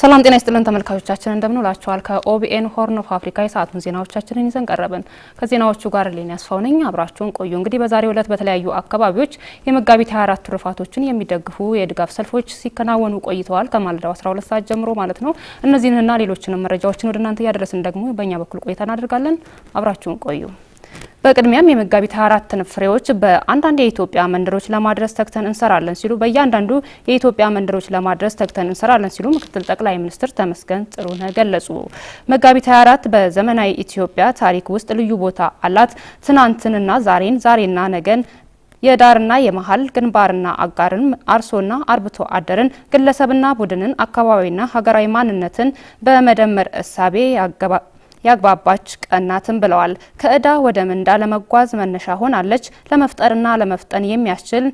ሰላም ጤና ይስጥልን ተመልካቾቻችን፣ እንደምንውላችኋል። ከኦቢኤን ሆርን ኦፍ አፍሪካ የሰዓቱን ዜናዎቻችንን ይዘን ቀረብን። ከዜናዎቹ ጋር ሌን ያስፋው ነኝ። አብራችሁን ቆዩ። እንግዲህ በዛሬው ዕለት በተለያዩ አካባቢዎች የመጋቢት 24 ትሩፋቶችን የሚደግፉ የድጋፍ ሰልፎች ሲከናወኑ ቆይተዋል። ከማለዳው 12 ሰዓት ጀምሮ ማለት ነው። እነዚህንና ሌሎችንም መረጃዎችን ወደ እናንተ እያደረስን ደግሞ በእኛ በኩል ቆይታ እናደርጋለን። አብራችሁን ቆዩ። በቅድሚያም የመጋቢት አራትን ፍሬዎች በአንዳንድ የኢትዮጵያ መንደሮች ለማድረስ ተግተን እንሰራለን ሲሉ በእያንዳንዱ የኢትዮጵያ መንደሮች ለማድረስ ተግተን እንሰራለን ሲሉ ምክትል ጠቅላይ ሚኒስትር ተመስገን ጥሩነህ ገለጹ። መጋቢት 24 በዘመናዊ ኢትዮጵያ ታሪክ ውስጥ ልዩ ቦታ አላት። ትናንትንና ዛሬን፣ ዛሬና ነገን የዳርና የመሀል ግንባርና አጋርን አርሶና አርብቶ አደርን ግለሰብና ቡድንን አካባቢና ሀገራዊ ማንነትን በመደመር እሳቤ ያግባባች ቀናትም ብለዋል። ከእዳ ወደ ምንዳ ለመጓዝ መነሻ ሆናለች። ለመፍጠርና ለመፍጠን የሚያስችል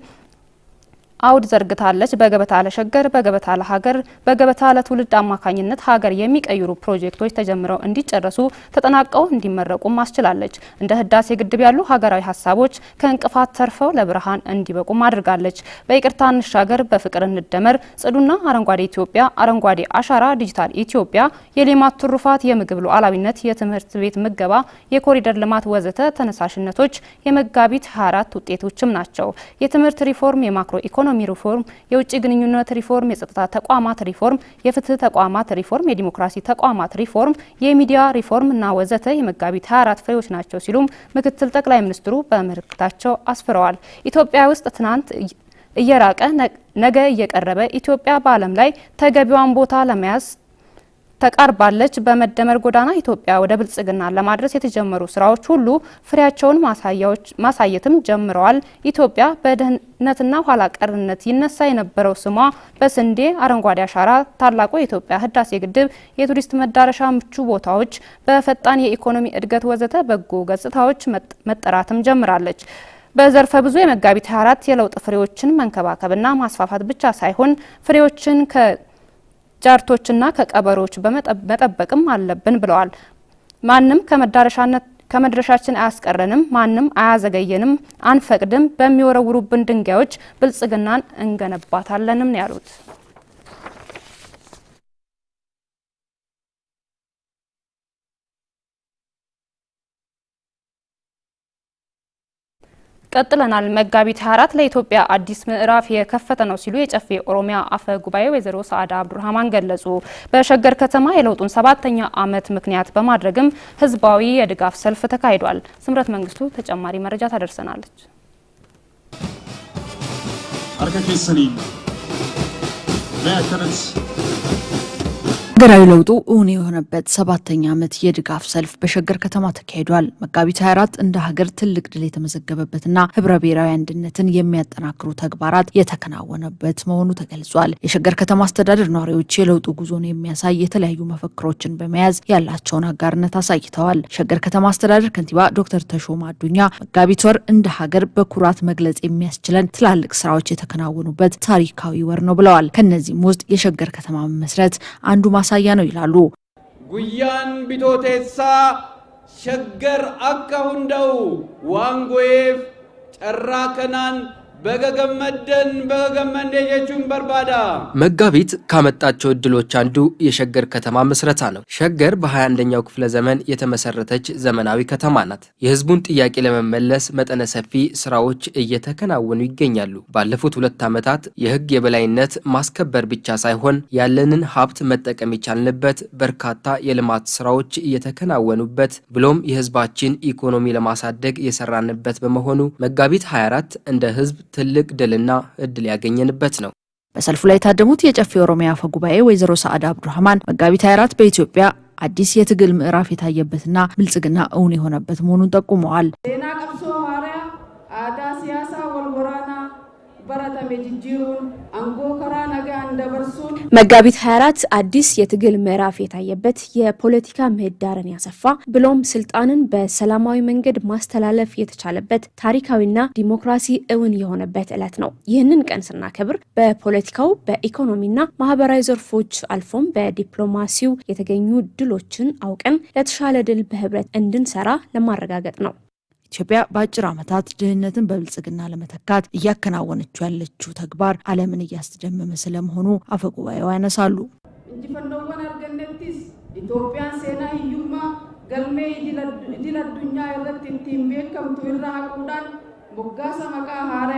አውድ ዘርግታለች። በገበታ ለሸገር፣ በገበታ ለሀገር፣ በገበታ ለትውልድ አማካኝነት ሀገር የሚቀይሩ ፕሮጀክቶች ተጀምረው እንዲጨረሱ ተጠናቀው እንዲመረቁም አስችላለች። እንደ ህዳሴ ግድብ ያሉ ሀገራዊ ሀሳቦች ከእንቅፋት ተርፈው ለብርሃን እንዲበቁም አድርጋለች። በይቅርታ እንሻገር፣ በፍቅር እንደመር፣ ጽዱና አረንጓዴ ኢትዮጵያ፣ አረንጓዴ አሻራ፣ ዲጂታል ኢትዮጵያ፣ የሌማት ትሩፋት፣ የምግብ ሉዓላዊነት፣ የትምህርት ቤት ምገባ፣ የኮሪደር ልማት ወዘተ ተነሳሽነቶች የመጋቢት 24 ውጤቶችም ናቸው። የትምህርት ሪፎርም የማክሮ ኢኮኖሚ የኢኮኖሚ ሪፎርም፣ የውጭ ግንኙነት ሪፎርም፣ የጸጥታ ተቋማት ሪፎርም፣ የፍትህ ተቋማት ሪፎርም፣ የዲሞክራሲ ተቋማት ሪፎርም፣ የሚዲያ ሪፎርም እና ወዘተ የመጋቢት 24 ፍሬዎች ናቸው ሲሉም ምክትል ጠቅላይ ሚኒስትሩ በመልእክታቸው አስፍረዋል። ኢትዮጵያ ውስጥ ትናንት እየራቀ ነገ እየቀረበ ኢትዮጵያ በዓለም ላይ ተገቢዋን ቦታ ለመያዝ ተቃርባለች። በመደመር ጎዳና ኢትዮጵያ ወደ ብልጽግና ለማድረስ የተጀመሩ ስራዎች ሁሉ ፍሬያቸውን ማሳየትም ጀምረዋል። ኢትዮጵያ በድህነትና ኋላ ቀርነት ይነሳ የነበረው ስሟ በስንዴ አረንጓዴ አሻራ፣ ታላቁ የኢትዮጵያ ህዳሴ ግድብ፣ የቱሪስት መዳረሻ ምቹ ቦታዎች፣ በፈጣን የኢኮኖሚ እድገት ወዘተ በጎ ገጽታዎች መጠራትም ጀምራለች። በዘርፈ ብዙ የመጋቢት 24 የለውጥ ፍሬዎችን መንከባከብና ማስፋፋት ብቻ ሳይሆን ፍሬዎችን ጃርቶችና ከቀበሮች መጠበቅም አለብን ብለዋል። ማንም ከመዳረሻነት ከመድረሻችን አያስቀረንም፣ ማንም አያዘገየንም፣ አንፈቅድም። በሚወረውሩብን ድንጋዮች ብልጽግናን እንገነባታለንም ያሉት ቀጥለናል። መጋቢት 24 ለኢትዮጵያ አዲስ ምዕራፍ የከፈተ ነው ሲሉ የጨፌ ኦሮሚያ አፈ ጉባኤ ወይዘሮ ሰዓዳ አብዱራህማን ገለጹ። በሸገር ከተማ የለውጡን ሰባተኛ ዓመት ምክንያት በማድረግም ህዝባዊ የድጋፍ ሰልፍ ተካሂዷል። ስምረት መንግስቱ ተጨማሪ መረጃ ታደርሰናለች። ሀገራዊ ለውጡ እውን የሆነበት ሰባተኛ ዓመት የድጋፍ ሰልፍ በሸገር ከተማ ተካሂዷል። መጋቢት 24 እንደ ሀገር ትልቅ ድል የተመዘገበበትና ህብረ ብሔራዊ አንድነትን የሚያጠናክሩ ተግባራት የተከናወነበት መሆኑ ተገልጿል። የሸገር ከተማ አስተዳደር ነዋሪዎች የለውጡ ጉዞን የሚያሳይ የተለያዩ መፈክሮችን በመያዝ ያላቸውን አጋርነት አሳይተዋል። ሸገር ከተማ አስተዳደር ከንቲባ ዶክተር ተሾማ አዱኛ መጋቢት ወር እንደ ሀገር በኩራት መግለጽ የሚያስችለን ትላልቅ ስራዎች የተከናወኑበት ታሪካዊ ወር ነው ብለዋል። ከነዚህም ውስጥ የሸገር ከተማ መመስረት አንዱ ማ። ማሳያ ነው ይላሉ። ጉያን ቢቶቴሳ ሸገር አካ ሁንደው ዋንጎዬፍ ጨራ ከናን በገገመደን በገገመን በርባዳ መጋቢት ካመጣቸው እድሎች አንዱ የሸገር ከተማ ምስረታ ነው። ሸገር በ21ኛው ክፍለ ዘመን የተመሰረተች ዘመናዊ ከተማ ናት። የህዝቡን ጥያቄ ለመመለስ መጠነ ሰፊ ስራዎች እየተከናወኑ ይገኛሉ። ባለፉት ሁለት ዓመታት የህግ የበላይነት ማስከበር ብቻ ሳይሆን ያለንን ሀብት መጠቀም የቻልንበት በርካታ የልማት ስራዎች እየተከናወኑበት ብሎም የህዝባችን ኢኮኖሚ ለማሳደግ የሰራንበት በመሆኑ መጋቢት 24 እንደ ህዝብ ትልቅ ድልና እድል ያገኘንበት ነው። በሰልፉ ላይ የታደሙት የጨፌ ኦሮሚያ አፈ ጉባኤ ወይዘሮ ሰዓድ አብዱራህማን መጋቢት 24 በኢትዮጵያ አዲስ የትግል ምዕራፍ የታየበትና ብልጽግና እውን የሆነበት መሆኑን ጠቁመዋል። መጋቢት 24 አዲስ የትግል ምዕራፍ የታየበት የፖለቲካ ምህዳርን ያሰፋ ብሎም ስልጣንን በሰላማዊ መንገድ ማስተላለፍ የተቻለበት ታሪካዊና ዲሞክራሲ እውን የሆነበት ዕለት ነው። ይህንን ቀን ስናከብር በፖለቲካው በኢኮኖሚና ማህበራዊ ዘርፎች አልፎም በዲፕሎማሲው የተገኙ ድሎችን አውቀን ለተሻለ ድል በህብረት እንድንሰራ ለማረጋገጥ ነው። ኢትዮጵያ በአጭር ዓመታት ድህነትን በብልጽግና ለመተካት እያከናወነችው ያለችው ተግባር ዓለምን እያስደመመ ስለመሆኑ አፈጉባኤው ያነሳሉ። እንጂፈንዶወን አርገነቲስ ኢትዮጵያን ሴና ህዩማ ገልሜ ድል አዱኛ ረትንቲን ቤከምቱ ራ ሀቁዳን ሞጋሰ መቃ ሀረ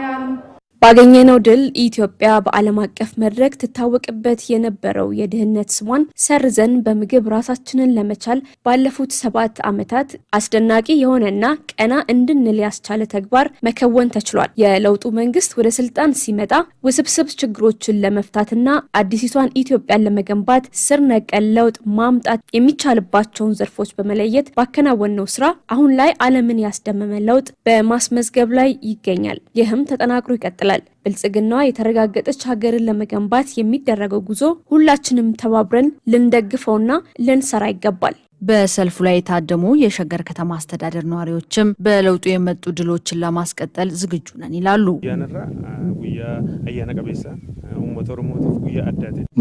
ባገኘነው ድል ኢትዮጵያ በዓለም አቀፍ መድረክ ትታወቅበት የነበረው የድህነት ስሟን ሰርዘን በምግብ ራሳችንን ለመቻል ባለፉት ሰባት ዓመታት አስደናቂ የሆነና ቀና እንድንል ያስቻለ ተግባር መከወን ተችሏል። የለውጡ መንግስት ወደ ስልጣን ሲመጣ ውስብስብ ችግሮችን ለመፍታትና አዲሲቷን ኢትዮጵያን ለመገንባት ስር ነቀል ለውጥ ማምጣት የሚቻልባቸውን ዘርፎች በመለየት ባከናወነው ስራ አሁን ላይ ዓለምን ያስደመመ ለውጥ በማስመዝገብ ላይ ይገኛል። ይህም ተጠናክሮ ይቀጥላል። ይላል። ብልጽግናዋ የተረጋገጠች ሀገርን ለመገንባት የሚደረገው ጉዞ ሁላችንም ተባብረን ልንደግፈውና ልንሰራ ይገባል። በሰልፉ ላይ የታደሙ የሸገር ከተማ አስተዳደር ነዋሪዎችም በለውጡ የመጡ ድሎችን ለማስቀጠል ዝግጁ ነን ይላሉ።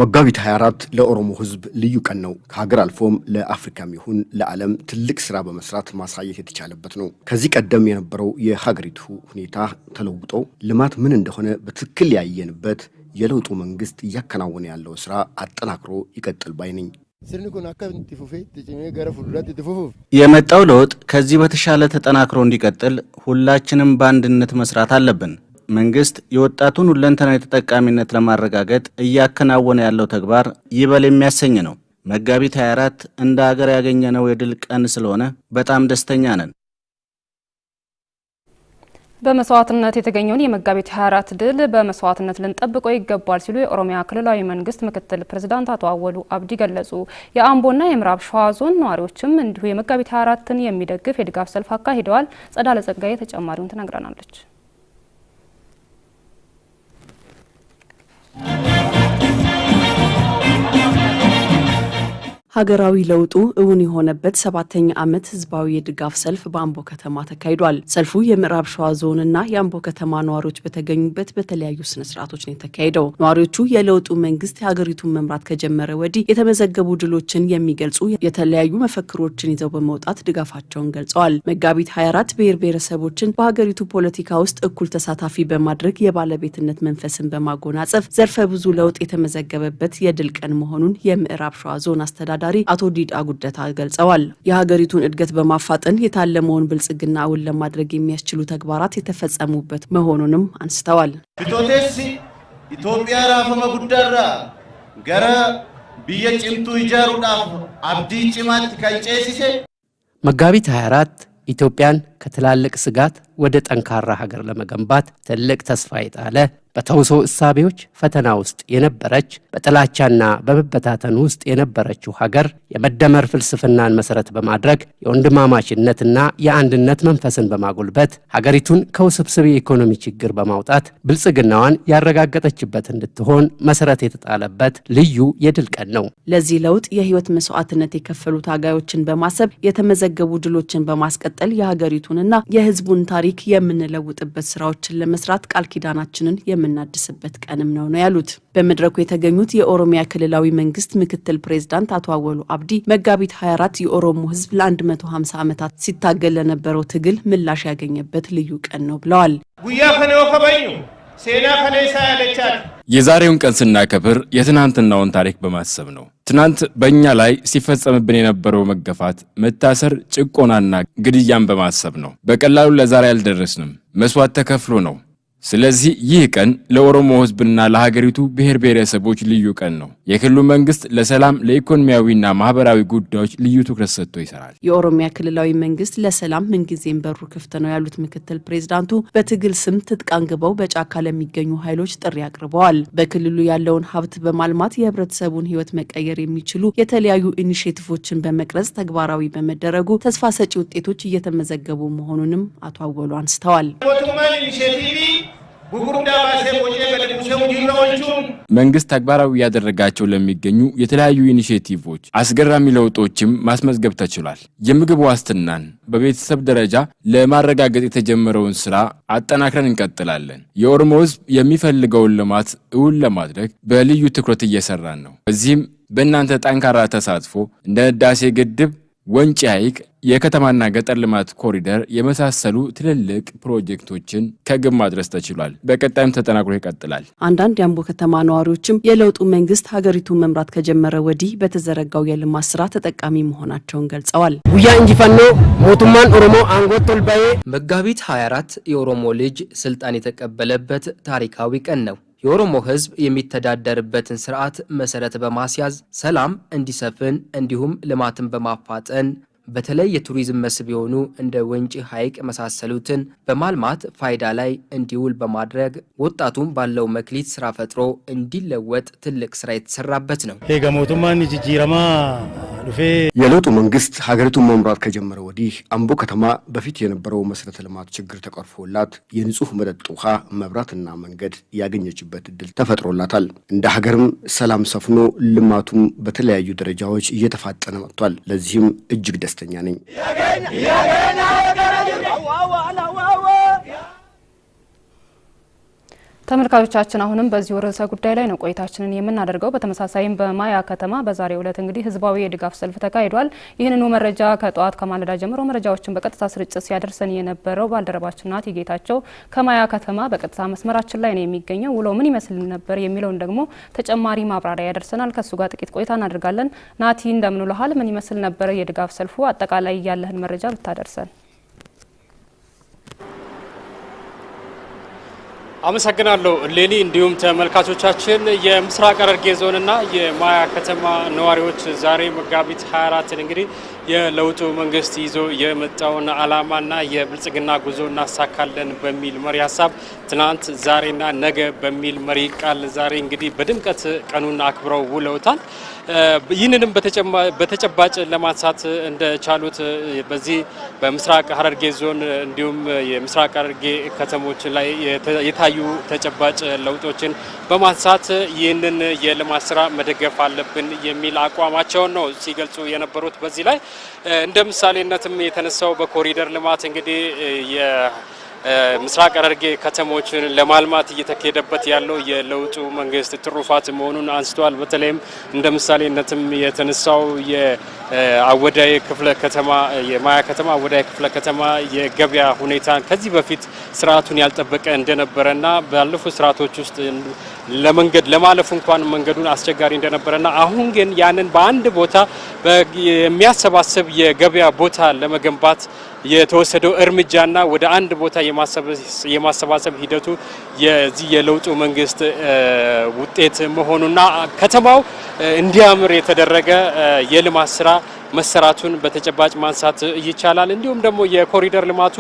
መጋቢት 24 ለኦሮሞ ሕዝብ ልዩ ቀን ነው። ከሀገር አልፎም ለአፍሪካም ይሁን ለዓለም ትልቅ ስራ በመስራት ማሳየት የተቻለበት ነው። ከዚህ ቀደም የነበረው የሀገሪቱ ሁኔታ ተለውጦ ልማት ምን እንደሆነ በትክክል ያየንበት የለውጡ መንግስት እያከናወነ ያለው ስራ አጠናክሮ ይቀጥል ባይ ነኝ። የመጣው ለውጥ ከዚህ በተሻለ ተጠናክሮ እንዲቀጥል ሁላችንም በአንድነት መስራት አለብን። መንግስት የወጣቱን ሁለንተናዊ ተጠቃሚነት ለማረጋገጥ እያከናወነ ያለው ተግባር ይበል የሚያሰኝ ነው። መጋቢት 24 እንደ አገር ያገኘነው የድል ቀን ስለሆነ በጣም ደስተኛ ነን። በመስዋዕትነት የተገኘውን የመጋቢት 24 ድል በመስዋዕትነት ልንጠብቀው ይገባል ሲሉ የኦሮሚያ ክልላዊ መንግስት ምክትል ፕሬዚዳንት አቶ አወሉ አብዲ ገለጹ። የአምቦና የምዕራብ ሸዋ ዞን ነዋሪዎችም እንዲሁ የመጋቢት 24ን የሚደግፍ የድጋፍ ሰልፍ አካሂደዋል። ጸዳለ ጸጋዬ ተጨማሪውን ትነግረናለች። ሀገራዊ ለውጡ እውን የሆነበት ሰባተኛ ዓመት ህዝባዊ የድጋፍ ሰልፍ በአምቦ ከተማ ተካሂዷል። ሰልፉ የምዕራብ ሸዋ ዞን እና የአምቦ ከተማ ነዋሪዎች በተገኙበት በተለያዩ ስነስርዓቶች ነው የተካሄደው። ነዋሪዎቹ የለውጡ መንግስት የሀገሪቱን መምራት ከጀመረ ወዲህ የተመዘገቡ ድሎችን የሚገልጹ የተለያዩ መፈክሮችን ይዘው በመውጣት ድጋፋቸውን ገልጸዋል። መጋቢት 24 ብሔር ብሔረሰቦችን በሀገሪቱ ፖለቲካ ውስጥ እኩል ተሳታፊ በማድረግ የባለቤትነት መንፈስን በማጎናጸፍ ዘርፈ ብዙ ለውጥ የተመዘገበበት የድል ቀን መሆኑን የምዕራብ ሸዋ ዞን አስተዳደ አስተዳዳሪ አቶ ዲዳ ጉደታ ገልጸዋል። የሀገሪቱን እድገት በማፋጠን የታለመውን ብልጽግና እውን ለማድረግ የሚያስችሉ ተግባራት የተፈጸሙበት መሆኑንም አንስተዋል። ፊቶቴሲ ኢትዮጵያ ራፈመ ጉዳራ ገረ ብየ ጭምቱ ይጀሩዳፍ አብዲ ጭማት ከጨሲሴ መጋቢት 24 ኢትዮጵያን ከትላልቅ ስጋት ወደ ጠንካራ ሀገር ለመገንባት ትልቅ ተስፋ የጣለ በተውሶ እሳቤዎች ፈተና ውስጥ የነበረች በጥላቻና በመበታተን ውስጥ የነበረችው ሀገር የመደመር ፍልስፍናን መሰረት በማድረግ የወንድማማችነትና የአንድነት መንፈስን በማጎልበት ሀገሪቱን ከውስብስብ የኢኮኖሚ ችግር በማውጣት ብልጽግናዋን ያረጋገጠችበት እንድትሆን መሰረት የተጣለበት ልዩ የድል ቀን ነው። ለዚህ ለውጥ የህይወት መስዋዕትነት የከፈሉ ታጋዮችን በማሰብ የተመዘገቡ ድሎችን በማስቀጠል የሀገሪቱ ውይይቱንና የህዝቡን ታሪክ የምንለውጥበት ስራዎችን ለመስራት ቃል ኪዳናችንን የምናድስበት ቀንም ነው ነው ያሉት። በመድረኩ የተገኙት የኦሮሚያ ክልላዊ መንግስት ምክትል ፕሬዝዳንት አቶ አወሉ አብዲ መጋቢት 24 የኦሮሞ ህዝብ ለ150 ዓመታት ሲታገል ለነበረው ትግል ምላሽ ያገኘበት ልዩ ቀን ነው ብለዋል። ጉያ ከኔ ወከበኙ ሴና ከኔ የዛሬውን ቀን ስናከብር የትናንትናውን ታሪክ በማሰብ ነው። ትናንት በእኛ ላይ ሲፈጸምብን የነበረው መገፋት፣ መታሰር፣ ጭቆናና ግድያን በማሰብ ነው። በቀላሉ ለዛሬ አልደረስንም። መስዋዕት ተከፍሎ ነው ስለዚህ ይህ ቀን ለኦሮሞ ህዝብና ለሀገሪቱ ብሔር ብሔረሰቦች ልዩ ቀን ነው። የክልሉ መንግስት ለሰላም ለኢኮኖሚያዊና ማህበራዊ ጉዳዮች ልዩ ትኩረት ሰጥቶ ይሰራል። የኦሮሚያ ክልላዊ መንግስት ለሰላም ምንጊዜም በሩ ክፍት ነው ያሉት ምክትል ፕሬዚዳንቱ በትግል ስም ትጥቅ አንግበው በጫካ ለሚገኙ ኃይሎች ጥሪ አቅርበዋል። በክልሉ ያለውን ሀብት በማልማት የህብረተሰቡን ህይወት መቀየር የሚችሉ የተለያዩ ኢኒሽቲቮችን በመቅረጽ ተግባራዊ በመደረጉ ተስፋ ሰጪ ውጤቶች እየተመዘገቡ መሆኑንም አቶ አወሉ አንስተዋል። መንግስት ተግባራዊ ያደረጋቸው ለሚገኙ የተለያዩ ኢኒሼቲቮች አስገራሚ ለውጦችም ማስመዝገብ ተችሏል። የምግብ ዋስትናን በቤተሰብ ደረጃ ለማረጋገጥ የተጀመረውን ስራ አጠናክረን እንቀጥላለን። የኦሮሞ ህዝብ የሚፈልገውን ልማት እውን ለማድረግ በልዩ ትኩረት እየሰራን ነው። በዚህም በእናንተ ጠንካራ ተሳትፎ እንደ ህዳሴ ግድብ ወንጪ ሐይቅ የከተማና ገጠር ልማት ኮሪደር የመሳሰሉ ትልልቅ ፕሮጀክቶችን ከግብ ማድረስ ተችሏል። በቀጣይም ተጠናክሮ ይቀጥላል። አንዳንድ የአምቦ ከተማ ነዋሪዎችም የለውጡ መንግስት ሀገሪቱን መምራት ከጀመረ ወዲህ በተዘረጋው የልማት ስራ ተጠቃሚ መሆናቸውን ገልጸዋል። ጉያ እንጂፈኖ ሞቱማን ኦሮሞ አንጎቶልባዬ መጋቢት 24 የኦሮሞ ልጅ ስልጣን የተቀበለበት ታሪካዊ ቀን ነው። የኦሮሞ ህዝብ የሚተዳደርበትን ስርዓት መሰረት በማስያዝ ሰላም እንዲሰፍን እንዲሁም ልማትን በማፋጠን በተለይ የቱሪዝም መስህብ የሆኑ እንደ ወንጪ ሐይቅ መሳሰሉትን በማልማት ፋይዳ ላይ እንዲውል በማድረግ ወጣቱም ባለው መክሊት ስራ ፈጥሮ እንዲለወጥ ትልቅ ስራ የተሰራበት ነው። ገሞቱማን ጅጅረማ የለውጡ መንግስት ሀገሪቱን መምራት ከጀመረ ወዲህ አምቦ ከተማ በፊት የነበረው መሰረተ ልማት ችግር ተቀርፎላት የንጹህ መጠጥ ውሃ፣ መብራትና መንገድ ያገኘችበት እድል ተፈጥሮላታል። እንደ ሀገርም ሰላም ሰፍኖ ልማቱም በተለያዩ ደረጃዎች እየተፋጠነ መጥቷል። ለዚህም እጅግ ደስ ደስተኛ ነኝ። ተመልካቾቻችን አሁንም በዚሁ ርዕሰ ጉዳይ ላይ ነው ቆይታችንን የምናደርገው። በተመሳሳይም በማያ ከተማ በዛሬው ዕለት እንግዲህ ህዝባዊ የድጋፍ ሰልፍ ተካሂዷል። ይህንኑ መረጃ ከጠዋት ከማለዳ ጀምሮ መረጃዎችን በቀጥታ ስርጭት ሲያደርሰን የነበረው ባልደረባችን ናት የጌታቸው ከማያ ከተማ በቀጥታ መስመራችን ላይ ነው የሚገኘው። ውሎ ምን ይመስል ነበር የሚለውን ደግሞ ተጨማሪ ማብራሪያ ያደርሰናል። ከእሱ ጋር ጥቂት ቆይታ እናደርጋለን። ናቲ እንደምንልሃል፣ ምን ይመስል ነበር የድጋፍ ሰልፉ? አጠቃላይ ያለህን መረጃ ብታደርሰን አመሰግናለሁ ሌኒ። እንዲሁም ተመልካቾቻችን የምስራቅ ሐረርጌ ዞንና የማያ ከተማ ነዋሪዎች ዛሬ መጋቢት 24 እንግዲህ የለውጡ መንግስት ይዞ የመጣውን አላማና የብልጽግና ጉዞ እናሳካለን በሚል መሪ ሀሳብ ትናንት፣ ዛሬና ነገ በሚል መሪ ቃል ዛሬ እንግዲህ በድምቀት ቀኑን አክብረው ውለውታል። ይህንንም በተጨባጭ ለማንሳት እንደቻሉት በዚህ በምስራቅ ሀረርጌ ዞን እንዲሁም የምስራቅ ሀረርጌ ከተሞች ላይ የታዩ ተጨባጭ ለውጦችን በማንሳት ይህንን የልማት ስራ መደገፍ አለብን የሚል አቋማቸውን ነው ሲገልጹ የነበሩት በዚህ ላይ እንደ ምሳሌነትም የተነሳው በኮሪደር ልማት እንግዲህ ምስራቅ ሐረርጌ ከተሞችን ለማልማት እየተካሄደበት ያለው የለውጡ መንግስት ትሩፋት መሆኑን አንስተዋል። በተለይም እንደ ምሳሌነትም የተነሳው የአወዳይ ክፍለ ከተማ የማያ ከተማ አወዳይ ክፍለ ከተማ የገበያ ሁኔታ ከዚህ በፊት ስርዓቱን ያልጠበቀ እንደነበረና ባለፉት ስርዓቶች ውስጥ ለመንገድ ለማለፍ እንኳን መንገዱን አስቸጋሪ እንደነበረና አሁን ግን ያንን በአንድ ቦታ የሚያሰባስብ የገበያ ቦታ ለመገንባት የተወሰደው እርምጃና ወደ አንድ ቦታ የማሰባሰብ ሂደቱ የዚህ የለውጡ መንግስት ውጤት መሆኑና ከተማው እንዲያምር የተደረገ የልማት ስራ መሰራቱን በተጨባጭ ማንሳት ይቻላል። እንዲሁም ደግሞ የኮሪደር ልማቱ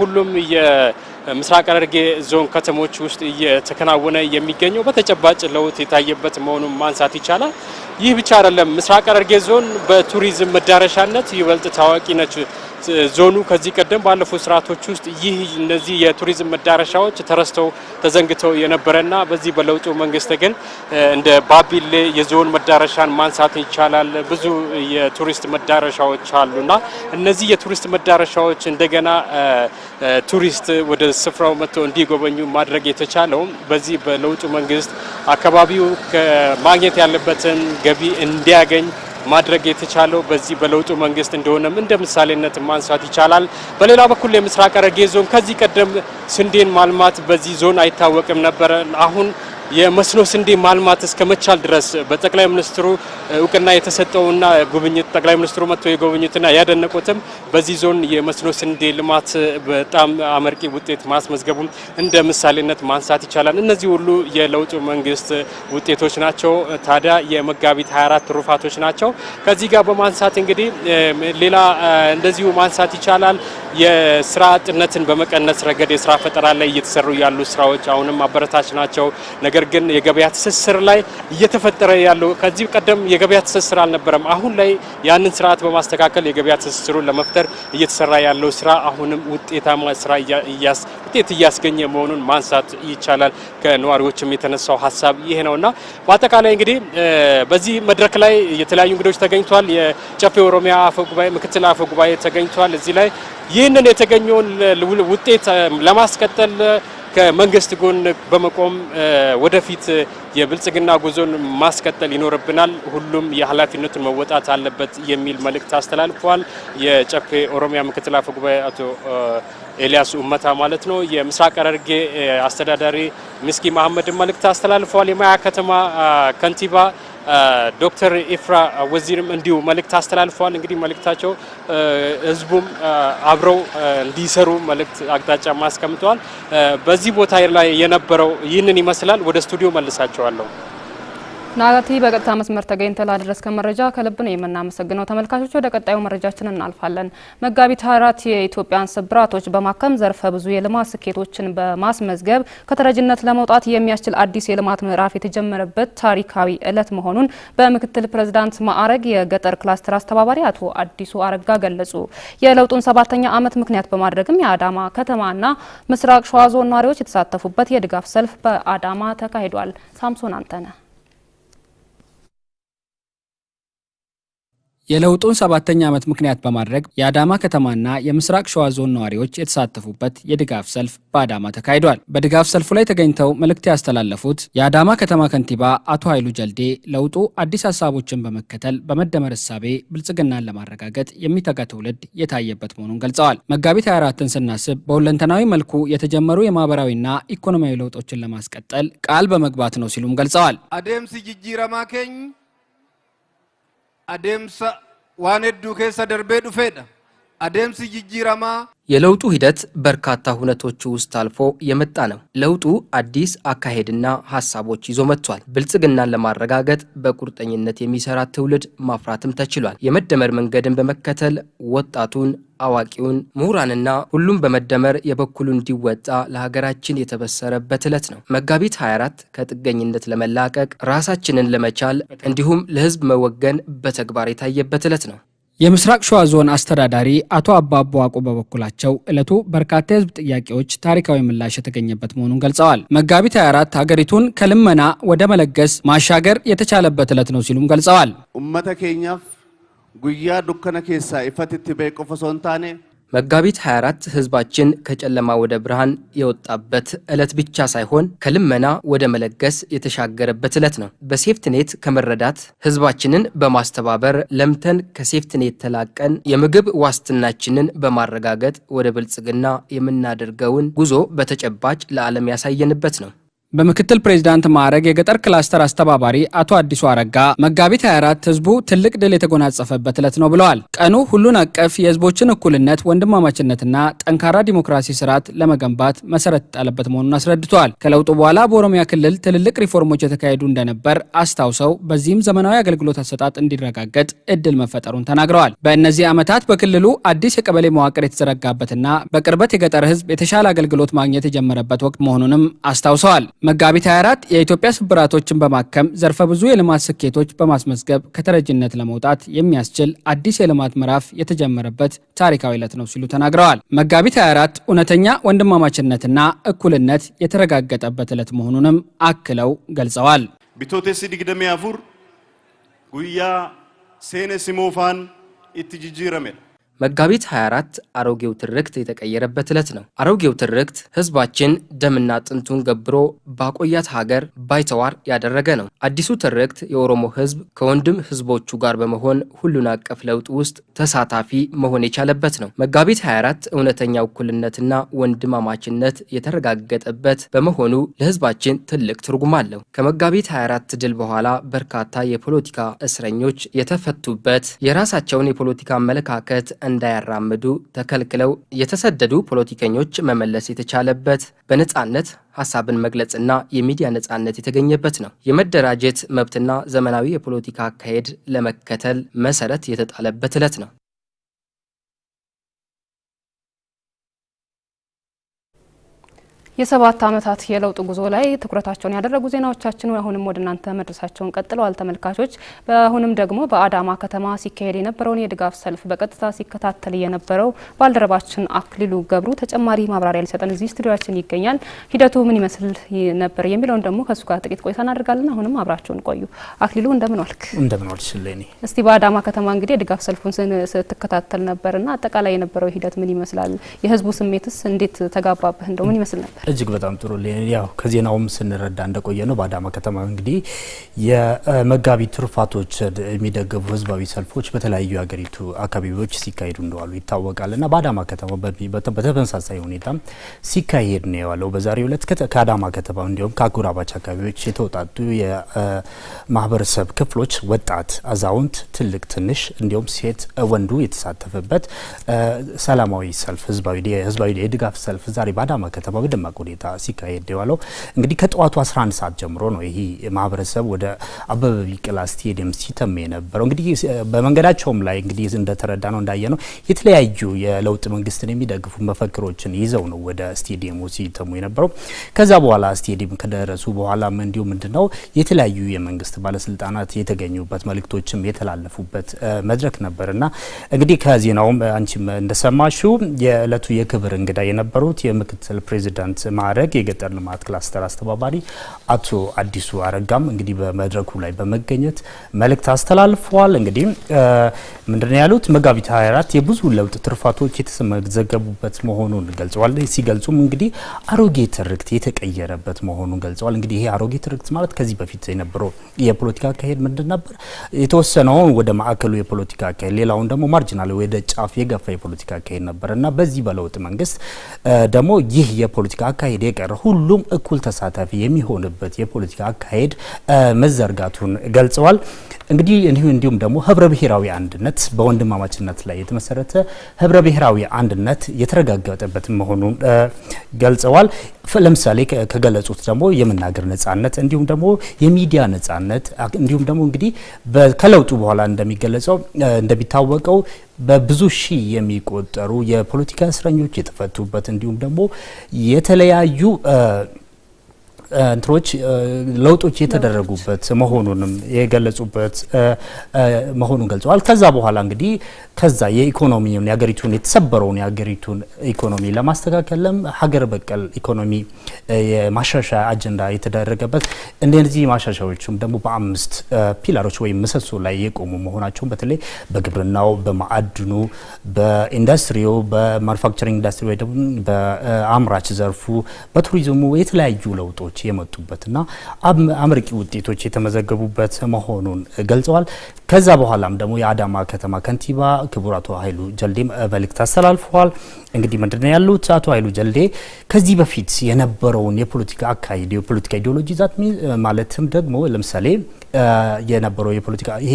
ሁሉም የምስራቅ ሐረርጌ ዞን ከተሞች ውስጥ እየተከናወነ የሚገኘው በተጨባጭ ለውጥ የታየበት መሆኑን ማንሳት ይቻላል። ይህ ብቻ አይደለም። ምስራቅ ሐረርጌ ዞን በቱሪዝም መዳረሻነት ይበልጥ ታዋቂ ነች። ዞኑ ከዚህ ቀደም ባለፉት ስርዓቶች ውስጥ ይህ እነዚህ የቱሪዝም መዳረሻዎች ተረስተው ተዘንግተው የነበረና በዚህ በለውጡ መንግስት ግን እንደ ባቢሌ የዞን መዳረሻን ማንሳት ይቻላል። ብዙ የቱሪስት መዳረሻዎች አሉና እነዚህ የቱሪስት መዳረሻዎች እንደገና ቱሪስት ወደ ስፍራው መጥቶ እንዲጎበኙ ማድረግ የተቻለው በዚህ በለውጡ መንግስት አካባቢው ማግኘት ያለበትን ገቢ እንዲያገኝ ማድረግ የተቻለው በዚህ በለውጡ መንግስት እንደሆነም እንደ ምሳሌነት ማንሳት ይቻላል። በሌላ በኩል የምስራቅ ሐረርጌ ዞን ከዚህ ቀደም ስንዴን ማልማት በዚህ ዞን አይታወቅም ነበረ። አሁን የመስኖ ስንዴ ማልማት እስከ መቻል ድረስ በጠቅላይ ሚኒስትሩ እውቅና የተሰጠውና ጉብኝት ጠቅላይ ሚኒስትሩ መጥቶ የጎብኝትና ያደነቁትም በዚህ ዞን የመስኖ ስንዴ ልማት በጣም አመርቂ ውጤት ማስመዝገቡን እንደ ምሳሌነት ማንሳት ይቻላል። እነዚህ ሁሉ የለውጡ መንግስት ውጤቶች ናቸው። ታዲያ የመጋቢት 24 ትሩፋቶች ናቸው። ከዚህ ጋር በማንሳት እንግዲህ ሌላ እንደዚሁ ማንሳት ይቻላል። የስራ አጥነትን በመቀነስ ረገድ የስራ ፈጠራ ላይ እየተሰሩ ያሉ ስራዎች አሁንም አበረታች ናቸው። ነገር ግን የገበያ ትስስር ላይ እየተፈጠረ ያለው ከዚህ ቀደም የገበያ ትስስር አልነበረም። አሁን ላይ ያንን ስርዓት በማስተካከል የገበያ ትስስሩን ለመፍጠር እየተሰራ ያለው ስራ አሁንም ውጤታማ ስራ ውጤት እያስገኘ መሆኑን ማንሳት ይቻላል። ከነዋሪዎችም የተነሳው ሀሳብ ይሄ ነውና በአጠቃላይ እንግዲህ በዚህ መድረክ ላይ የተለያዩ እንግዶች ተገኝቷል። የጨፌ ኦሮሚያ ጉባኤ፣ ምክትል ጉባኤ ተገኝቷል። እዚህ ላይ ይህንን የተገኘውን ውጤት ለማስቀጠል ከመንግስት ጎን በመቆም ወደፊት የብልጽግና ጉዞን ማስቀጠል ይኖርብናል፣ ሁሉም የኃላፊነቱን መወጣት አለበት የሚል መልእክት አስተላልፈዋል። የጨፌ ኦሮሚያ ምክትል አፈ ጉባኤ አቶ ኤልያስ ኡመታ ማለት ነው። የምስራቅ ሐረርጌ አስተዳዳሪ ምስኪ መሀመድን መልእክት አስተላልፈዋል። የማያ ከተማ ከንቲባ ዶክተር ኢፍራ ወዚርም እንዲሁ መልእክት አስተላልፈዋል። እንግዲህ መልእክታቸው ህዝቡም አብረው እንዲሰሩ መልእክት አቅጣጫ አስቀምጠዋል። በዚህ ቦታ ላይ የነበረው ይህንን ይመስላል። ወደ ስቱዲዮ መልሳቸዋለሁ። ናቲ በቀጥታ መስመር ተገኝተ ላደረስከ መረጃ ከልብ ነው የምናመሰግነው። ተመልካቾች ወደ ቀጣዩ መረጃችን እናልፋለን። መጋቢት አራት የኢትዮጵያን ስብራቶች በማከም ዘርፈ ብዙ የልማት ስኬቶችን በማስመዝገብ ከተረጅነት ለመውጣት የሚያስችል አዲስ የልማት ምዕራፍ የተጀመረበት ታሪካዊ ዕለት መሆኑን በምክትል ፕሬዝዳንት ማዕረግ የገጠር ክላስተር አስተባባሪ አቶ አዲሱ አረጋ ገለጹ። የለውጡን ሰባተኛ ዓመት ምክንያት በማድረግም የአዳማ ከተማና ምስራቅ ሸዋ ዞን ነዋሪዎች የተሳተፉበት የድጋፍ ሰልፍ በአዳማ ተካሂዷል። ሳምሶን አንተነህ የለውጡን ሰባተኛ ዓመት ምክንያት በማድረግ የአዳማ ከተማና የምስራቅ ሸዋ ዞን ነዋሪዎች የተሳተፉበት የድጋፍ ሰልፍ በአዳማ ተካሂዷል። በድጋፍ ሰልፉ ላይ ተገኝተው መልእክት ያስተላለፉት የአዳማ ከተማ ከንቲባ አቶ ኃይሉ ጀልዴ ለውጡ አዲስ ሀሳቦችን በመከተል በመደመር እሳቤ ብልጽግናን ለማረጋገጥ የሚተጋ ትውልድ የታየበት መሆኑን ገልጸዋል። መጋቢት 24ን ስናስብ በሁለንተናዊ መልኩ የተጀመሩ የማህበራዊና ኢኮኖሚያዊ ለውጦችን ለማስቀጠል ቃል በመግባት ነው ሲሉም ገልጸዋል። አደምስ ጅጅረማከኝ Adem sa, wanet waan hedduu keessa darbee dhufeedha adeemsi jijjiiramaa የለውጡ ሂደት በርካታ ሁነቶች ውስጥ አልፎ የመጣ ነው። ለውጡ አዲስ አካሄድና ሀሳቦች ይዞ መጥቷል። ብልጽግናን ለማረጋገጥ በቁርጠኝነት የሚሰራ ትውልድ ማፍራትም ተችሏል። የመደመር መንገድን በመከተል ወጣቱን አዋቂውን ምሁራንና ሁሉም በመደመር የበኩሉ እንዲወጣ ለሀገራችን የተበሰረበት ዕለት ነው። መጋቢት 24 ከጥገኝነት ለመላቀቅ ራሳችንን ለመቻል እንዲሁም ለሕዝብ መወገን በተግባር የታየበት ዕለት ነው። የምስራቅ ሸዋ ዞን አስተዳዳሪ አቶ አባቦ አቁ በበኩላቸው እለቱ በርካታ የህዝብ ጥያቄዎች ታሪካዊ ምላሽ የተገኘበት መሆኑን ገልጸዋል። መጋቢት 24 ሀገሪቱን ከልመና ወደ መለገስ ማሻገር የተቻለበት እለት ነው ሲሉም ገልጸዋል። ኡመተ ኬኛፍ ጉያ ዱከነ ኬሳ ኢፈትቲ ቤ መጋቢት 24 ህዝባችን ከጨለማ ወደ ብርሃን የወጣበት ዕለት ብቻ ሳይሆን ከልመና ወደ መለገስ የተሻገረበት ዕለት ነው። በሴፍትኔት ከመረዳት ህዝባችንን በማስተባበር ለምተን ከሴፍትኔት ተላቀን የምግብ ዋስትናችንን በማረጋገጥ ወደ ብልጽግና የምናደርገውን ጉዞ በተጨባጭ ለዓለም ያሳየንበት ነው። በምክትል ፕሬዚዳንት ማዕረግ የገጠር ክላስተር አስተባባሪ አቶ አዲሱ አረጋ መጋቢት 24 ህዝቡ ትልቅ ድል የተጎናጸፈበት ዕለት ነው ብለዋል። ቀኑ ሁሉን አቀፍ የህዝቦችን እኩልነት፣ ወንድማማችነትና ጠንካራ ዲሞክራሲ ስርዓት ለመገንባት መሰረት ጣለበት መሆኑን አስረድተዋል። ከለውጡ በኋላ በኦሮሚያ ክልል ትልልቅ ሪፎርሞች የተካሄዱ እንደነበር አስታውሰው በዚህም ዘመናዊ አገልግሎት አሰጣጥ እንዲረጋገጥ እድል መፈጠሩን ተናግረዋል። በእነዚህ ዓመታት በክልሉ አዲስ የቀበሌ መዋቅር የተዘረጋበትና በቅርበት የገጠር ህዝብ የተሻለ አገልግሎት ማግኘት የጀመረበት ወቅት መሆኑንም አስታውሰዋል። መጋቢት 24 የኢትዮጵያ ስብራቶችን በማከም ዘርፈ ብዙ የልማት ስኬቶች በማስመዝገብ ከተረጅነት ለመውጣት የሚያስችል አዲስ የልማት ምዕራፍ የተጀመረበት ታሪካዊ ዕለት ነው ሲሉ ተናግረዋል። መጋቢት 24 እውነተኛ ወንድማማችነትና እኩልነት የተረጋገጠበት ዕለት መሆኑንም አክለው ገልጸዋል። ቢቶቴሲ አፉር ጉያ ሴኔ ሲሞፋን መጋቢት 24 አሮጌው ትርክት የተቀየረበት ዕለት ነው። አሮጌው ትርክት ህዝባችን ደምና አጥንቱን ገብሮ ባቆያት ሀገር ባይተዋር ያደረገ ነው። አዲሱ ትርክት የኦሮሞ ህዝብ ከወንድም ህዝቦቹ ጋር በመሆን ሁሉን አቀፍ ለውጥ ውስጥ ተሳታፊ መሆን የቻለበት ነው። መጋቢት 24 እውነተኛ እኩልነትና ወንድማማችነት የተረጋገጠበት በመሆኑ ለህዝባችን ትልቅ ትርጉም አለው። ከመጋቢት 24 ድል በኋላ በርካታ የፖለቲካ እስረኞች የተፈቱበት የራሳቸውን የፖለቲካ አመለካከት እንዳያራምዱ ተከልክለው የተሰደዱ ፖለቲከኞች መመለስ የተቻለበት በነጻነት ሀሳብን መግለጽና የሚዲያ ነጻነት የተገኘበት ነው። የመደራጀት መብትና ዘመናዊ የፖለቲካ አካሄድ ለመከተል መሰረት የተጣለበት ዕለት ነው። የሰባት ዓመታት የለውጥ ጉዞ ላይ ትኩረታቸውን ያደረጉ ዜናዎቻችን አሁንም ወደ እናንተ መድረሳቸውን ቀጥለዋል ተመልካቾች። በአሁንም ደግሞ በአዳማ ከተማ ሲካሄድ የነበረውን የድጋፍ ሰልፍ በቀጥታ ሲከታተል የነበረው ባልደረባችን አክሊሉ ገብሩ ተጨማሪ ማብራሪያ ሊሰጠን እዚህ ስቱዲዮችን ይገኛል። ሂደቱ ምን ይመስል ነበር የሚለውን ደግሞ ከእሱ ጋር ጥቂት ቆይታ እናደርጋለን። አሁንም አብራቸውን ቆዩ። አክሊሉ እንደምን ዋልክ? እንደምን ዋልሽ እስቲ በአዳማ ከተማ እንግዲህ የድጋፍ ሰልፉን ስትከታተል ነበርና አጠቃላይ የነበረው ሂደት ምን ይመስላል? የህዝቡ ስሜትስ እንዴት ተጋባብህ? እንደው ምን ይመስል ነበር? እጅግ በጣም ጥሩ። ያው ከዜናውም ስንረዳ እንደቆየ ነው። በአዳማ ከተማ እንግዲህ የመጋቢ ትሩፋቶች የሚደገፉ ህዝባዊ ሰልፎች በተለያዩ የሀገሪቱ አካባቢዎች ሲካሄዱ እንደዋሉ ይታወቃል እና በአዳማ ከተማ በተመሳሳይ ሁኔታ ሲካሄድ ነው የዋለው። በዛሬው ዕለት ከአዳማ ከተማ እንዲሁም ከአጎራባች አካባቢዎች የተውጣጡ የማህበረሰብ ክፍሎች ወጣት፣ አዛውንት፣ ትልቅ፣ ትንሽ እንዲሁም ሴት ወንዱ የተሳተፈበት ሰላማዊ ሰልፍ ህዝባዊ የድጋፍ ሰልፍ ዛሬ በአዳማ ከተማ በደማቅ በታላቅ ሁኔታ ሲካሄድ የዋለው እንግዲህ ከጠዋቱ 11 ሰዓት ጀምሮ ነው። ይህ ማህበረሰብ ወደ አበበ ቢቂላ ስቴዲየም ሲተም የነበረው እንግዲህ በመንገዳቸውም ላይ እንግዲህ እንደተረዳ ነው እንዳየ ነው የተለያዩ የለውጥ መንግስትን የሚደግፉ መፈክሮችን ይዘው ነው ወደ ስቴዲየሙ ሲተሙ የነበረው። ከዛ በኋላ ስቴዲየም ከደረሱ በኋላም እንዲሁ ምንድነው የተለያዩ የመንግስት ባለስልጣናት የተገኙበት መልእክቶችም የተላለፉበት መድረክ ነበር እና እንግዲህ ከዜናውም አንቺም እንደሰማሹ የእለቱ የክብር እንግዳ የነበሩት የምክትል ፕሬዚዳንት ማዕረግ የገጠር ልማት ክላስተር አስተባባሪ አቶ አዲሱ አረጋም እንግዲህ በመድረኩ ላይ በመገኘት መልእክት አስተላልፈዋል። እንግዲህ ምንድነው ያሉት? መጋቢት 24 የብዙ ለውጥ ትርፋቶች የተመዘገቡበት መሆኑን ገልጸዋል። ሲገልጹም እንግዲህ አሮጌ ትርክት የተቀየረበት መሆኑን ገልጸዋል። እንግዲህ ይሄ አሮጌ ትርክት ማለት ከዚህ በፊት የነበረው የፖለቲካ አካሄድ ምንድን ነበር? የተወሰነውን ወደ ማዕከሉ የፖለቲካ አካሄድ፣ ሌላውን ደግሞ ማርጂናል ወደ ጫፍ የገፋ የፖለቲካ አካሄድ ነበር እና በዚህ በለውጥ መንግስት ደግሞ ይህ የፖለቲካ አካሄድ የቀረ ሁሉም እኩል ተሳታፊ የሚሆንበት የፖለቲካ አካሄድ መዘርጋቱን ገልጸዋል። እንግዲህ እንዲሁም ደግሞ ህብረ ብሔራዊ አንድነት በወንድማማችነት ላይ የተመሰረተ ህብረ ብሔራዊ አንድነት የተረጋገጠበት መሆኑን ገልጸዋል። ለምሳሌ ከገለጹት ደግሞ የመናገር ነጻነት እንዲሁም ደግሞ የሚዲያ ነጻነት እንዲሁም ደግሞ እንግዲህ ከለውጡ በኋላ እንደሚገለጸው እንደሚታወቀው በብዙ ሺህ የሚቆጠሩ የፖለቲካ እስረኞች የተፈቱበት እንዲሁም ደግሞ የተለያዩ እንትሮች ለውጦች የተደረጉበት መሆኑንም የገለጹበት መሆኑን ገልጸዋል። ከዛ በኋላ እንግዲህ ከዛ የኢኮኖሚውን የሀገሪቱን የተሰበረውን የሀገሪቱን ኢኮኖሚ ለማስተካከልም ሀገር በቀል ኢኮኖሚ የማሻሻያ አጀንዳ የተደረገበት እንደዚህ ማሻሻያዎችም ደግሞ በአምስት ፒላሮች ወይም ምሰሶ ላይ የቆሙ መሆናቸውን በተለይ በግብርናው፣ በማዕድኑ፣ በኢንዱስትሪው፣ በማኑፋክቸሪንግ ኢንዱስትሪ ወይ ደግሞ በአምራች ዘርፉ፣ በቱሪዝሙ የተለያዩ ለውጦች ውጤቶች የመጡበትና አመርቂ ውጤቶች የተመዘገቡበት መሆኑን ገልጸዋል። ከዛ በኋላም ደግሞ የአዳማ ከተማ ከንቲባ ክቡር አቶ ኃይሉ ጀልዴም መልእክት አስተላልፈዋል። እንግዲህ ምንድነው ያሉት አቶ ኃይሉ ጀልዴ ከዚህ በፊት የነበረውን የፖለቲካ አካሄድ የፖለቲካ ኢዲዮሎጂ ዛት ማለትም ደግሞ ለምሳሌ የነበረው የፖለቲካ ይሄ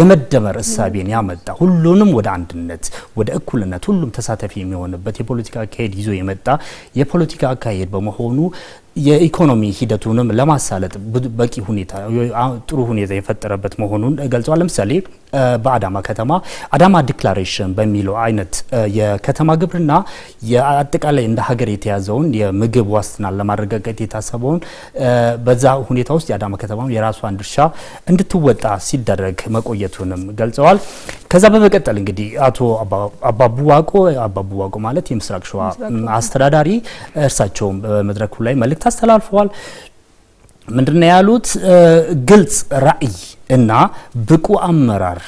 የመደመር እሳቤን ያመጣ ሁሉንም ወደ አንድነት ወደ እኩልነት ሁሉም ተሳታፊ የሚሆንበት የፖለቲካ አካሄድ ይዞ የመጣ የፖለቲካ አካሄድ በመሆኑ የኢኮኖሚ ሂደቱንም ለማሳለጥ በቂ ሁኔታ ጥሩ ሁኔታ የፈጠረበት መሆኑን ገልጿል። ለምሳሌ በአዳማ ከተማ አዳማ ዲክላሬሽን በሚለው አይነት የከተማ የከተማ ግብርና አጠቃላይ እንደ ሀገር የተያዘውን የምግብ ዋስትናን ለማረጋገጥ የታሰበውን በዛ ሁኔታ ውስጥ የአዳማ ከተማ የራሷን ድርሻ እንድትወጣ ሲደረግ መቆየቱንም ገልጸዋል። ከዛ በመቀጠል እንግዲህ አቶ አባቡዋቆ አባቡዋቆ ማለት የምስራቅ ሸዋ አስተዳዳሪ እርሳቸውም በመድረኩ ላይ መልእክት አስተላልፈዋል። ምንድነው ያሉት? ግልጽ ራዕይ እና ብቁ አመራር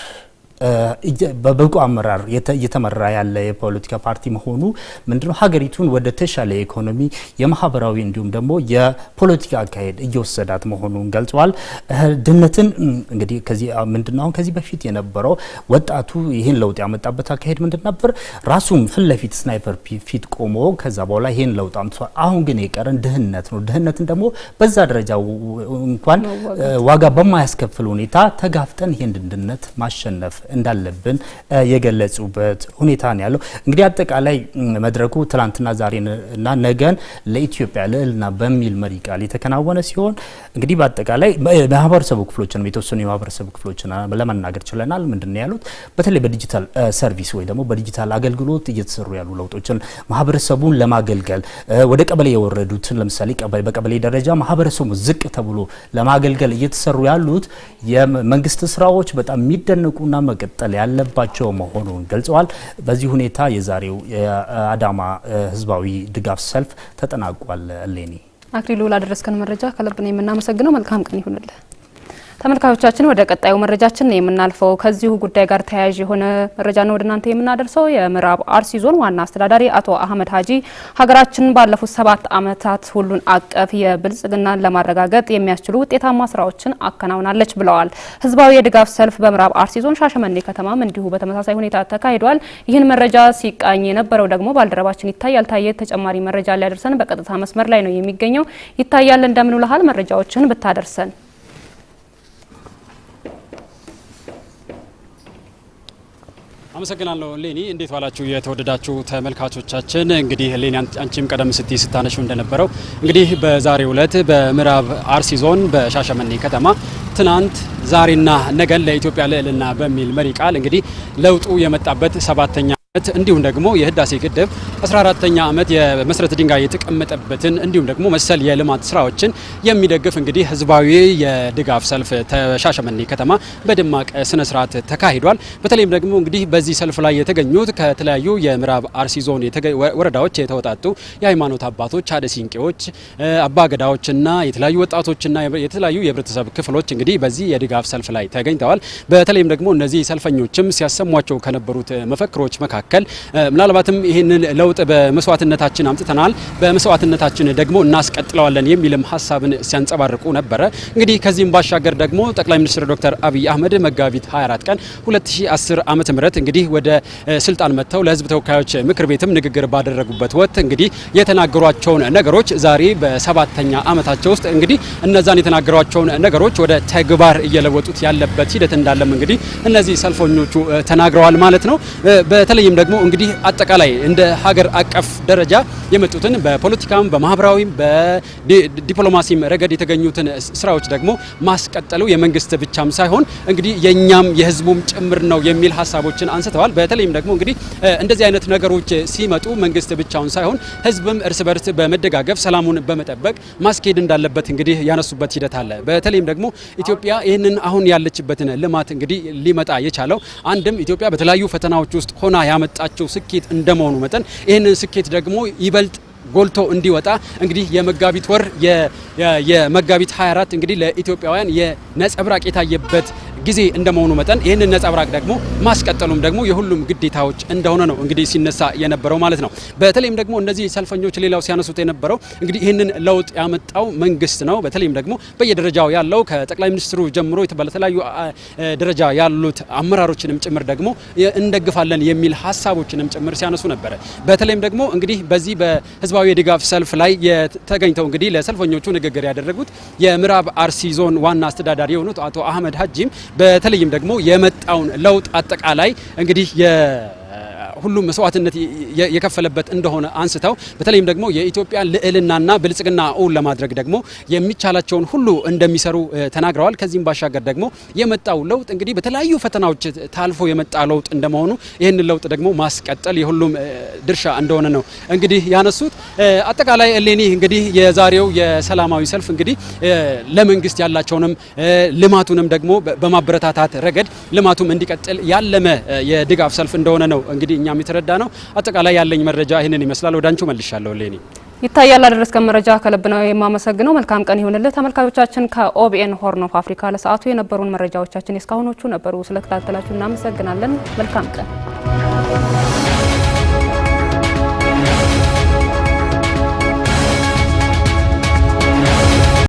በብቁ አመራር እየተመራ ያለ የፖለቲካ ፓርቲ መሆኑ ምንድነው ሀገሪቱን ወደ ተሻለ የኢኮኖሚ የማህበራዊ እንዲሁም ደግሞ የፖለቲካ አካሄድ እየወሰዳት መሆኑን ገልጸዋል። ድህነትን እንግዲህ ከዚህ ምንድነው አሁን ከዚህ በፊት የነበረው ወጣቱ ይህን ለውጥ ያመጣበት አካሄድ ምንድን ነበር? ራሱም ፊት ለፊት ስናይፐር ፊት ቆሞ ከዛ በኋላ ይህን ለውጥ አምጥቷል። አሁን ግን የቀረን ድህነት ነው። ድህነትን ደግሞ በዛ ደረጃ እንኳን ዋጋ በማያስከፍል ሁኔታ ተጋፍጠን ይህን ድህነት ማሸነፍ እንዳለብን የገለጹበት ሁኔታ ነው ያለው። እንግዲህ አጠቃላይ መድረኩ ትላንትና ዛሬና ነገን ለኢትዮጵያ ልዕልና በሚል መሪ ቃል የተከናወነ ሲሆን እንግዲህ በአጠቃላይ ማህበረሰቡ ክፍሎችንም የተወሰኑ የማህበረሰቡ ክፍሎችን ለመናገር ችለናል። ምንድን ያሉት በተለይ በዲጂታል ሰርቪስ ወይ ደግሞ በዲጂታል አገልግሎት እየተሰሩ ያሉ ለውጦችን ማህበረሰቡን ለማገልገል ወደ ቀበሌ የወረዱትን ለምሳሌ በቀበሌ ደረጃ ማህበረሰቡ ዝቅ ተብሎ ለማገልገል እየተሰሩ ያሉት የመንግስት ስራዎች በጣም የሚደነቁና መቀጠል ያለባቸው መሆኑን ገልጸዋል። በዚህ ሁኔታ የዛሬው የአዳማ ህዝባዊ ድጋፍ ሰልፍ ተጠናቋል። እሌኒ አክሊሉ ላደረስከን መረጃ ከልብ ነው የምናመሰግነው። መልካም ቀን ይሁንልህ። ተመልካቾቻችን ወደ ቀጣዩ መረጃችን ነው የምናልፈው። ከዚሁ ጉዳይ ጋር ተያያዥ የሆነ መረጃ ነው ወደ እናንተ የምናደርሰው። የምዕራብ አርሲ ዞን ዋና አስተዳዳሪ አቶ አህመድ ሀጂ ሀገራችን ባለፉት ሰባት ዓመታት ሁሉን አቀፍ የብልጽግናን ለማረጋገጥ የሚያስችሉ ውጤታማ ስራዎችን አከናውናለች ብለዋል። ህዝባዊ የድጋፍ ሰልፍ በምዕራብ አርሲ ዞን ሻሸመኔ ከተማም እንዲሁ በተመሳሳይ ሁኔታ ተካሂዷል። ይህን መረጃ ሲቃኝ የነበረው ደግሞ ባልደረባችን ይታያል ታየ ተጨማሪ መረጃ ሊያደርሰን በቀጥታ መስመር ላይ ነው የሚገኘው። ይታያል እንደምን ውለሃል? መረጃዎችን ብታደርሰን አመሰግናለሁ ሌኒ። እንዴት ዋላችሁ የተወደዳችሁ ተመልካቾቻችን። እንግዲህ ሌኒ አንቺም ቀደም ስትይ ስታነሹ እንደነበረው እንግዲህ በዛሬው ዕለት በምዕራብ አርሲ ዞን በሻሸመኔ ከተማ ትናንት ዛሬና ነገን ለኢትዮጵያ ልዕልና በሚል መሪ ቃል እንግዲህ ለውጡ የመጣበት ሰባተኛ እንዲሁም ደግሞ የህዳሴ ግድብ 14ተኛ ዓመት የመሰረተ ድንጋይ የተቀመጠበትን እንዲሁም ደግሞ መሰል የልማት ስራዎችን የሚደግፍ እንግዲህ ህዝባዊ የድጋፍ ሰልፍ ተሻሸመኔ ከተማ በደማቅ ስነ ስርዓት ተካሂዷል። በተለይም ደግሞ እንግዲህ በዚህ ሰልፍ ላይ የተገኙት ከተለያዩ የምዕራብ አርሲ ዞን ወረዳዎች የተወጣጡ የሃይማኖት አባቶች፣ አደ ሲንቄዎች፣ አባገዳዎችና የተለያዩ ወጣቶችና የተለያዩ የህብረተሰብ ክፍሎች እንግዲህ በዚህ የድጋፍ ሰልፍ ላይ ተገኝተዋል። በተለይም ደግሞ እነዚህ ሰልፈኞችም ሲያሰሟቸው ከነበሩት መፈክሮች መካከል መካከል ምናልባትም ይህንን ለውጥ በመስዋዕትነታችን አምጥተናል፣ በመስዋዕትነታችን ደግሞ እናስቀጥለዋለን የሚልም ሀሳብን ሲያንጸባርቁ ነበረ። እንግዲህ ከዚህም ባሻገር ደግሞ ጠቅላይ ሚኒስትር ዶክተር አብይ አህመድ መጋቢት 24 ቀን 2010 ዓ.ም እንግዲህ ወደ ስልጣን መጥተው ለህዝብ ተወካዮች ምክር ቤትም ንግግር ባደረጉበት ወቅት እንግዲህ የተናገሯቸውን ነገሮች ዛሬ በሰባተኛ ዓመታቸው ውስጥ እንግዲህ እነዛን የተናገሯቸውን ነገሮች ወደ ተግባር እየለወጡት ያለበት ሂደት እንዳለም እንግዲህ እነዚህ ሰልፈኞቹ ተናግረዋል ማለት ነው። በተለይ በዚህም ደግሞ እንግዲህ አጠቃላይ እንደ ሀገር አቀፍ ደረጃ የመጡትን በፖለቲካም በማህበራዊም በዲፕሎማሲም ረገድ የተገኙትን ስራዎች ደግሞ ማስቀጠሉ የመንግስት ብቻም ሳይሆን እንግዲህ የእኛም የህዝቡም ጭምር ነው የሚል ሀሳቦችን አንስተዋል። በተለይም ደግሞ እንግዲህ እንደዚህ አይነት ነገሮች ሲመጡ መንግስት ብቻውን ሳይሆን ህዝብም እርስ በርስ በመደጋገፍ ሰላሙን በመጠበቅ ማስኬድ እንዳለበት እንግዲህ ያነሱበት ሂደት አለ። በተለይም ደግሞ ኢትዮጵያ ይህንን አሁን ያለችበትን ልማት እንግዲህ ሊመጣ የቻለው አንድም ኢትዮጵያ በተለያዩ ፈተናዎች ውስጥ ሆና ያመጣቸው ስኬት እንደመሆኑ መጠን ይህንን ስኬት ደግሞ ይበልጥ ጎልቶ እንዲወጣ እንግዲህ የመጋቢት ወር የመጋቢት 24 እንግዲህ ለኢትዮጵያውያን የነጸብራቅ የታየበት ጊዜ እንደመሆኑ መጠን ይህንን ነጸብራቅ ደግሞ ማስቀጠሉም ደግሞ የሁሉም ግዴታዎች እንደሆነ ነው እንግዲህ ሲነሳ የነበረው ማለት ነው። በተለይም ደግሞ እነዚህ ሰልፈኞች ሌላው ሲያነሱት የነበረው እንግዲህ ይህንን ለውጥ ያመጣው መንግስት ነው። በተለይም ደግሞ በየደረጃው ያለው ከጠቅላይ ሚኒስትሩ ጀምሮ በተለያዩ ደረጃ ያሉት አመራሮችንም ጭምር ደግሞ እንደግፋለን የሚል ሀሳቦችንም ጭምር ሲያነሱ ነበረ። በተለይም ደግሞ እንግዲህ በዚህ በህዝባዊ ህዝባዊ የድጋፍ ሰልፍ ላይ ተገኝተው እንግዲህ ለሰልፈኞቹ ንግግር ያደረጉት የምዕራብ አርሲ ዞን ዋና አስተዳዳሪ የሆኑት አቶ አህመድ ሀጂም በተለይም ደግሞ የመጣውን ለውጥ አጠቃላይ እንግዲህ ሁሉም መስዋዕትነት የከፈለበት እንደሆነ አንስተው በተለይም ደግሞ የኢትዮጵያ ልዕልናና ብልጽግና እውን ለማድረግ ደግሞ የሚቻላቸውን ሁሉ እንደሚሰሩ ተናግረዋል። ከዚህም ባሻገር ደግሞ የመጣው ለውጥ እንግዲህ በተለያዩ ፈተናዎች ታልፎ የመጣ ለውጥ እንደመሆኑ ይህንን ለውጥ ደግሞ ማስቀጠል የሁሉም ድርሻ እንደሆነ ነው እንግዲህ ያነሱት። አጠቃላይ እሌኒ እንግዲህ የዛሬው የሰላማዊ ሰልፍ እንግዲህ ለመንግስት ያላቸውንም ልማቱንም ደግሞ በማበረታታት ረገድ ልማቱም እንዲቀጥል ያለመ የድጋፍ ሰልፍ እንደሆነ ነው እንግዲህ እኛ እኛም የተረዳ ነው። አጠቃላይ ያለኝ መረጃ ይህንን ይመስላል። ወደ አንቺ መልሻለሁ ሌኒ። ይታያል አደረስከን መረጃ ከልብ ነው የማመሰግነው። መልካም ቀን ይሁንልህ። ተመልካቾቻችን ከኦቢኤን ሆርን ኦፍ አፍሪካ ለሰዓቱ የነበሩን መረጃዎቻችን የእስካሁኖቹ ነበሩ። ስለከታተላችሁ እናመሰግናለን። መልካም ቀን